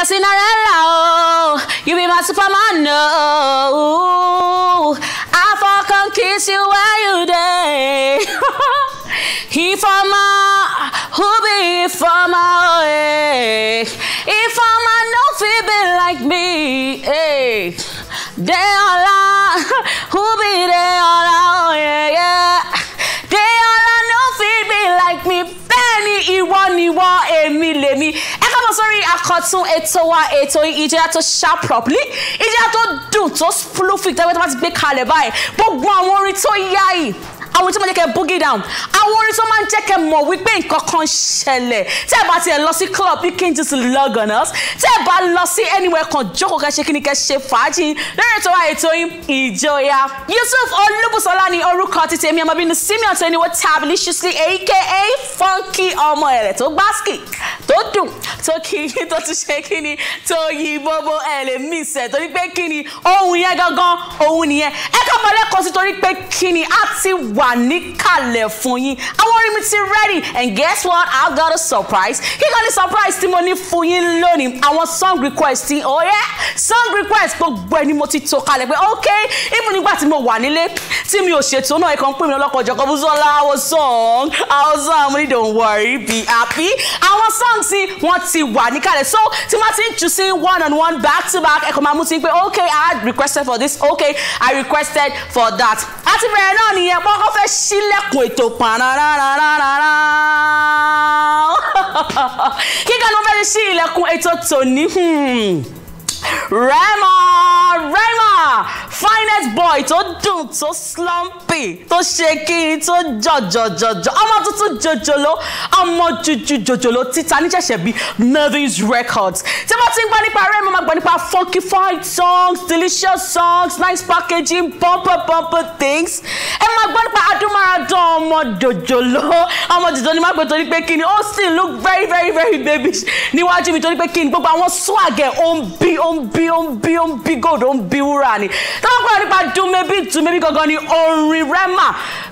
your Cinderella, oh. You be my Superman, oh. I fucking kiss you where you day. he for my, who be for my, way. If I'm a no be like me, hey. Eh? They all àkọ́tún ètò wa ètò ìjẹ́ra tó sharp properly ìjẹ́ra tó dùn tó fluffy tẹ́wẹ́ tó bá ti gbé kalẹ̀ báyìí gbogbo àwọn orin tó yá yìí àwọn orin tó máa jẹ́ kẹ́ boogie down àwọn orin tó máa ń jẹ́ kẹ́ mọ̀ wípé nǹkan kan ṣẹlẹ̀ tẹ́ ẹ bá tiẹ̀ lọ sí club you can just log on us tẹ́ ẹ bá lọ sí anywhere kan jókòó kẹ́ ṣe kí ni kẹ́ ṣe fàájì lórí ètò wa ètò yín ìjọya Yusuf Olúbùsọ́lá ni orúkọ ti tèmi ọmọ bínú Simeon tó ní wọ́n tabili ṣùsí aka funky ọmọ ẹ̀rẹ̀ tó gbásìkì tó dùn tó kí yín tó tún ṣe kí ni tó yí bóbó ẹ lè mí sẹ̀ torí pé kí ni ohun yẹn gangan ohun nìyẹn ẹ kọ́ mọ́ lẹ́kọ̀ọ́ sí torí pé kí ni a ti wà níkàlẹ̀ fún yín àwọn orin mi ti ready and guess what I got a surprise kíkọ́ ni surprise tí mo ní fún yín lónìí àwọn song request ti oh yeah song request gbogbo ẹni mo ti tó kalẹ̀ pé ok even nígbà tí mo wà nílé tí mi ò ṣètò náà ikọ̀ ń pè mí lọ́kọ̀ ọ̀jọ̀kan Bùsọ́lá our song our song mo don't worry be happy àwọn song tí wọ́n ti wà níkàlẹ̀ so tí wọ́n ti ń jù sí one on one back to back ẹ̀kọ́ máa mú sí pé okay i requested for this okay i requested for that àti bẹ̀rẹ̀ náà nìyẹn pọ́n kọ́ fẹ́ sílẹ̀kùn ètò pàràràràràrà kíkà ló fẹ́ sí ilẹ̀kùn ètò tòní rẹ́mọ̀ hmm. rẹ́mọ̀ finest boy tó dùn tó slumpy tó ṣe kiri tó jọjọjọjọ ọmọ tuntun jòjòló ọmọ jújú jòjòló títa níṣẹ̀ṣẹ̀ bíi Melvin's Records tí wọ́n ti ń gbọ́ nípa rẹ̀ mo máa gbọ́ nípa funkified songs delicious songs nice packaging bumper bumper things ẹ máa gbọ́ nípa adúmáradán ọmọ jòjòló ọmọ jòjòló ni má gbé torí pé kí ni ó sì look very very very baby. níwájú mi torí pé kí ni gbogbo àwọn swag ẹ̀ ó ń bí ó ń bí ó ń bí ó ń bí gold ó ń bí wúrà ni kọ́kọ́ nípa dùnmẹ́bí dùnmẹ́bí gangan ni orin rema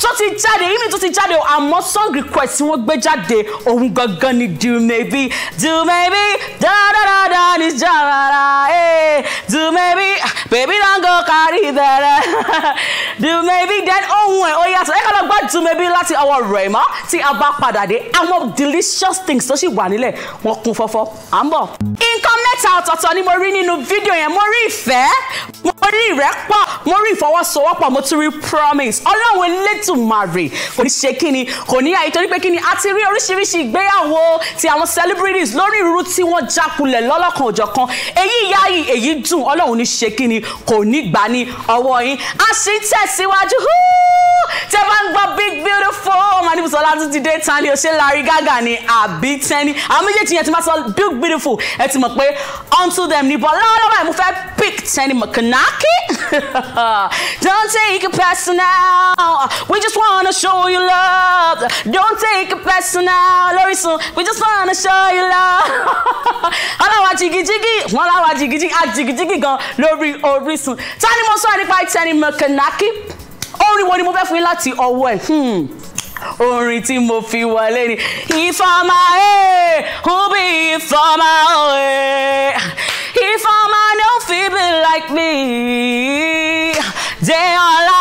tó ti jáde yìí mi tó ti jáde àmọ́ song request tí wọ́n gbé jáde òun gangan ni dùnmẹ́bí dùnmẹ́bí dáadáa ní jàràrà dùnmẹ́bí bèbí náà ń gọ kárí bẹ̀rẹ̀ dùnmẹ́bí then ohun ẹ̀ ó yàtọ̀ ẹ̀ka lọ gbọ́ dùnmẹ́bí láti ọwọ́ rema tí a bá padà dé àwọn delicious things tó sì wà nílẹ̀ wọ́n kún fọ́fọ́ à ń bọ̀ ọ̀tọ̀ọ̀tọ̀ ni mo rí nínú fídíò yẹn mo rí ìfẹ́ mo rí ìrẹ́pọ̀ mo rí ìfọwọ́sowọ́pọ̀ mo tún rí promise ọlọ́run elétùmarè kò ní ṣe kí ni kò ní àyè torí pé kí ni a ti rí oríṣiríṣi ìgbéyàwó ti àwọn celebrities lórí irú tí wọ́n jákulẹ̀ lọ́lọ́kan òjọ̀kan èyí yáyì èyí dùn ọlọ́run ní ṣe kí ni kò ní gbà ní ọwọ́ yín a sì ń tẹ̀síwájú húúú tẹ bá ń gbọ́ big beautiful ọmọ ní Bùsọ́lá tún ti dé tani o ṣe Larry Gaga ni àbí tẹ́ni àwọn méjèèjì yẹn ti máa sọ big beautiful ẹ ti mọ̀ pé unto them ni bọ́lá ọlọ́wà ẹ̀ mo fẹ́ pick Tẹ́ni Makanaki don't take it personal we just wanna show you love don't take it personal lórí sun we just wanna show you love ọlọ́wà jìgìjìgì wọn láwà jìgìjìgì àjìgìjìgì gan lórí Orísun tani mo sọ nípa Tẹ́ni Makanaki orin wo ni mo fẹ́ fún yín láti ọwọ́ ẹ̀ hmm. orin tí mo fi wọlé ni ìfọ̀mà ẹ̀ ń bí ìfọ̀mà ẹ̀ ìfọ̀mà no fit be like me dé ọ̀la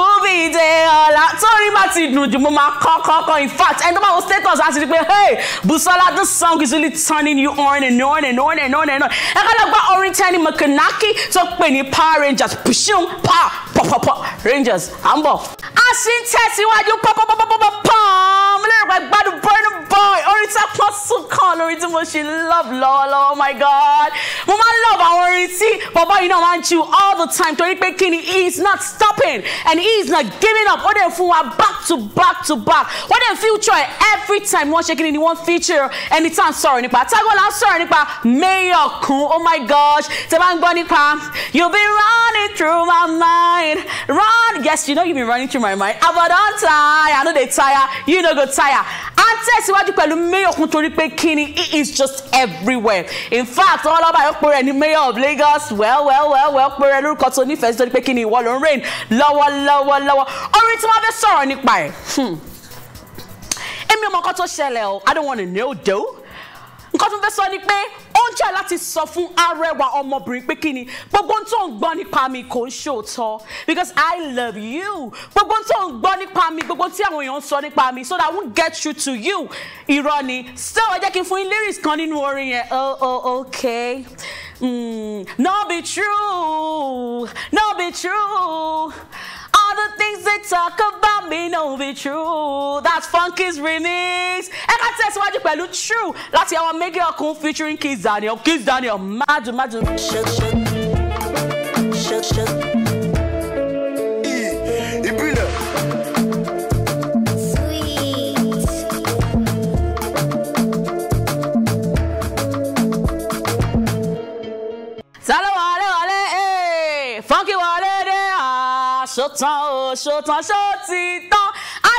ń bí dé ọ̀la torí má ti dùn jù mo máa kọ́ kọ́kọ́ in fact ẹni tó bá wo status á ti di pé hey Busola this song is really turning you on and on and on and on and on ẹ kọ́ lọ gbọ́ orin Tenny Makanaki tó pè ní Power Rangers pùṣùn pa pọ̀pọ̀pọ̀ Rangers à ń bọ̀. a sì ń tẹ̀síwájú pọ́npọ́npọ́npọ́n mo lérò pé gbádùn burning boy orin tí a pọ́n sùn kàn lórí tí mo ṣe love lọ́wọ́lọ́wọ́ my god mo máa ń love àwọn orin tí bàbá yìí náà máa ń chew all the time torí pé kí ni he is not stopping and he is not giving up ó dẹ̀ fún wa back to back to back wọ́n dẹ̀ future? every time wọ́n ṣe kí ni ni wọ́n feature ẹni tá à ń sọ̀rọ̀ nípa tágọ́lá ń sọ̀rọ̀ nípa mayor kun oh my gosh tẹ́ bá ń gbọ́ nípa you be running through my mind run yes you know you've been running through my mind about don tire i know they tire you know go tire and tẹ̀síwájú pẹ̀lú mayor kun torí pé kíni It is just everywhere in fact all lọ́ba yóò pèrè ní mayor of lagos well well well well pèrè lórúkọ tó nífẹ̀ẹ́ sí torí pé kíni ìwọ ló on rain, lọ́wọ́lọ́wọ́lọ́wọ́ orin tí wọ́n fẹ́ sọ̀rọ̀ nípa ẹ̀ hmm. èmi ò mọ̀ nǹkan tó ṣẹlẹ̀ o i don't want to know though nǹkan tó fẹ́ sọ ni pé ó ń jà láti sọ fún arẹwà ọmọbìnrin pé kí ni gbogbo ohun tó ń gbọ́ nípa mi kò ń ṣòótọ́ because I love you gbogbo ohun tó ń gbọ́ nípa mi gbogbo tí àwọn èèyàn ń sọ nípa mi so that I won't get through to you irọ́ ni so ẹ jẹ́ kí n fún yín lyrics kan nínú orin yẹn oh oh okay mm, no be true no be true the things they talk about me no be true. That's Funky's remix. Ẹ ká tẹ̀síwájú pẹ̀lú True láti àwọn Mega Okun featuring Kiss Daniel. Kiss Daniel, madu imagine, Shake, ṣòtàn ṣó ti tó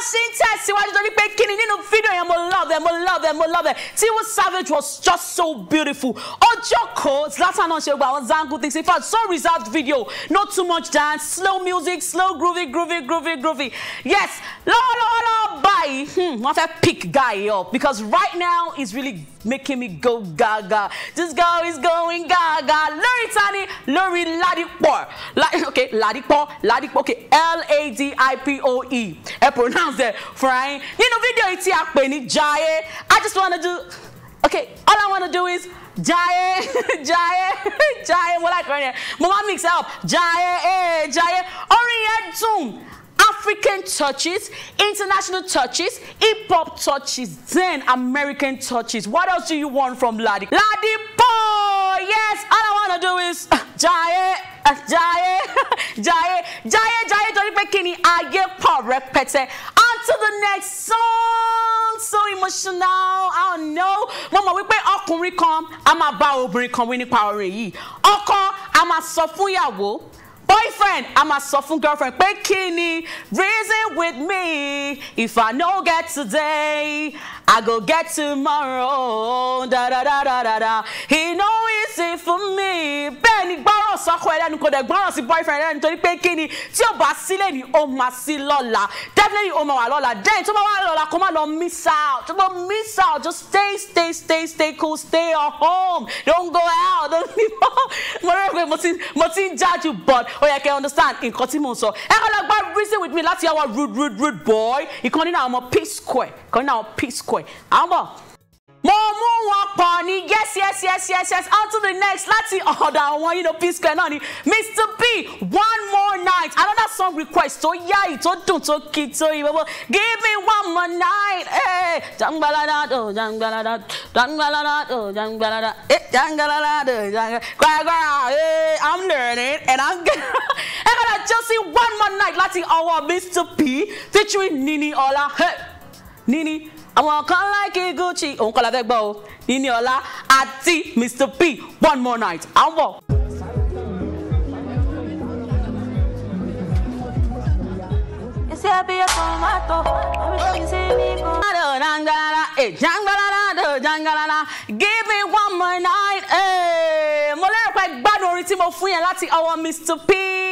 ṣe ń tẹ̀síwájú torí pé kíni nínú fídíò yẹn mo love ẹ mo love ẹ mo love ẹ Tiwa Savage was just so beautiful ọjọ́ kò Zlatan náà ṣe gba àwọn zangu things in fact so reserved video no too much dance slow music slow groovy groovy groovy groovy yes lọ́wọ́lọ́wọ́lọ́wọ́ báyìí hmm, wọ́n fẹ́ pick guy up because right now he's really making me go gaga this girl is going gaga lórí tani lórí ladipo okay ladipo ladipo okay L-A-D-I-P-O-E ẹ pronounce announce there fúnra yín nínú fídíò yìí tí a I just wanna do okay all I wanna do is jaye, jaye, jaye. mo like orin yẹn mo mix up jaye, ee eh, Jaiye orin yẹn African touches, international touches, hip hop touches, then American touches. What else do you want from Ladi? Ladi Boy! Yes, all I wanna do is uh, uh, jaye, jaye, jaye, jaye, jaye. Don't Jaiye, torí pé kí ni ayé pọ̀ rẹpẹtẹ to the next song so emotional i don't know mo mọ̀ wípé ọkùnrin kan a máa bá obìnrin kan wí nípa orin yìí ọkọ a máa sọ fún ìyàwó boyfriend a máa sọ fún girlfriend pé kí ni reason with me if i no get today i go get tomorrow da da da da da da he no easy for me bẹ́ẹ̀ ni gbọ́ gbọ́ràn sọ́kọ ẹlẹ́nu kò dẹ̀ gbọ́ràn sí boyfriend ẹlẹ́nu torí pé kí ni tí ò bá sílẹ̀ ni ó máa sí lọ́la definitely ó máa wà lọ́la then tó bá wà lọ́la kó má lọ miss out tó bá miss out just stay stay stay stay cool stay at home don't go out don't leave home mo rẹ́ pé mo ti ń jájú but ó yẹ kẹ́ understand nǹkan tí mo ń sọ ẹ kọ́ lọ gbọ́ reason with me láti ọwọ́ rude rude rude boy ìkànnì náà ọmọ p square ìkànnì náà ọmọ p square àwọn bọ̀ mo mú wọn pọ̀ ní yes yes yes yes yes until the next láti ọ̀dọ̀ àwọn you know p square náà ni mr b one more night another song request tó yáyì tó dùn tó kì tó yí gbogbo give me one more night eh, jangbalada eh, do jangbalada jangbalada do jangbalada jangbalada do jangbalada gbàgbà i'm learning and i'm gonna ẹ kọ́ra josie one more night láti ọwọ́ mr p featuring nini ọlá nini àwọn kan láìkí Gucci òun kọ́ la fẹ́ gbọ́ o níní ọlá àti Mr P one more night à ń bọ̀. Give me one more night. Eh. Mo lérò pé gbádùn orin tí mo fún yẹn láti ọwọ́ Mr P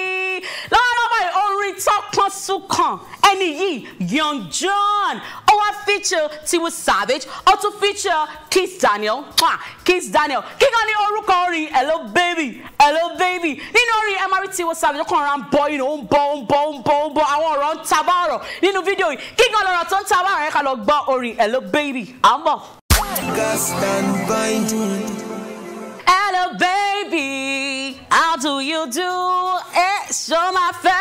orin tọkàn súnkàn ẹni yìí Young John ó wá feature Tiwa Savage ó tún feature Kiss Daniel Kiss Daniel kíkan ní orúkọ orin hello baby hello baby nínú orin ẹ máa rí Tiwa Savage ọkàn ra ń bọ inú ó ń bọ ó ń bọ ó ń bọ ó ń bọ àwọn ọ̀rọ̀ ń tabá ọ̀rọ̀ nínú fídíò yìí kíkan lọ́rọ̀ tó ń tabá ọ̀rọ̀ yẹn ká lọ gbọ́ orin hello baby à ń bọ̀. Hello, baby. How do you do? It's so my favorite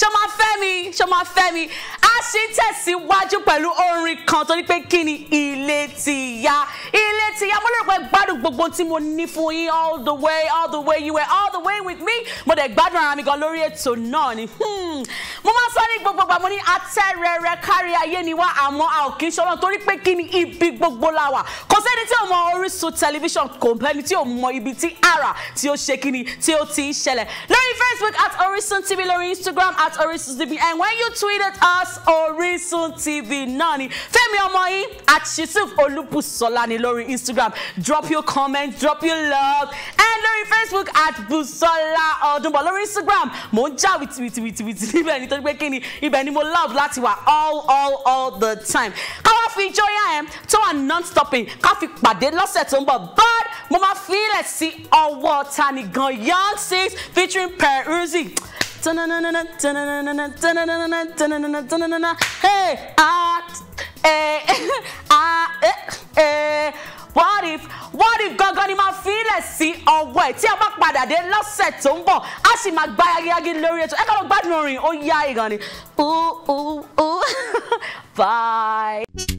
ṣé o máa fẹ́ mi ṣé o máa fẹ́ mi a sì ń tẹ̀síwájú pẹ̀lú orin kan torí pé kí ni ilé ti yá ilé ti yá mo lérò pé gbádùn gbogbo tí mo ní fún yín all the way all the way you were all the way with me mo dẹ̀ gbádùn ara mi gan lórí ètò náà ni hmm. mo máa sọ ní gbogbo gbà mo ní atẹ́rẹrẹ kárí ayé ni wá àmọ́ a ò kì í ṣọlọ́n torí pé kí ni ibi gbogbo la wà sẹ́ni tí ò mọ Orísun tẹlifíṣàn kò pẹ́ni tí ò mọ ibi tí àrà tí ó ṣe kíni tí ó ti ń ṣẹlẹ̀ lórí Facebook at Orisun TV lórí Instagram at Orisun TV and when you tweeted us Orisun TV náà ni Fẹ́mi ọmọ yín at Yusuf Olúbùsọ́lá ni lórí Instagram drop your comment drop your love and lórí Facebook at Busola. Ọdúnbọ̀ lórí Instagram mò ń já wìtìwìtìwìtì níbẹ̀ nítorí pé kíni ibẹ̀ ni mo love láti wà all all all the time káwá fi ìjọyà ẹ̀ tó wà non-stopping ká fi pàdé lọ́sẹ̀ tó ń bọ̀ but mo máa fi ilẹ̀ sí ọwọ́ Tanigan Young Six featuring Peruzzi. Hey, ah, eh, ah, eh, eh what if what if gangan ni máa fi ilẹ̀ sí ọwọ́ ẹ̀ tí a bá padà dé lọ́sẹ̀ tó ń bọ̀ a sì máa gbá yagiyagi lórí ètò ẹ ká lọ gbádùn orin ó yá ìgànnì. bye.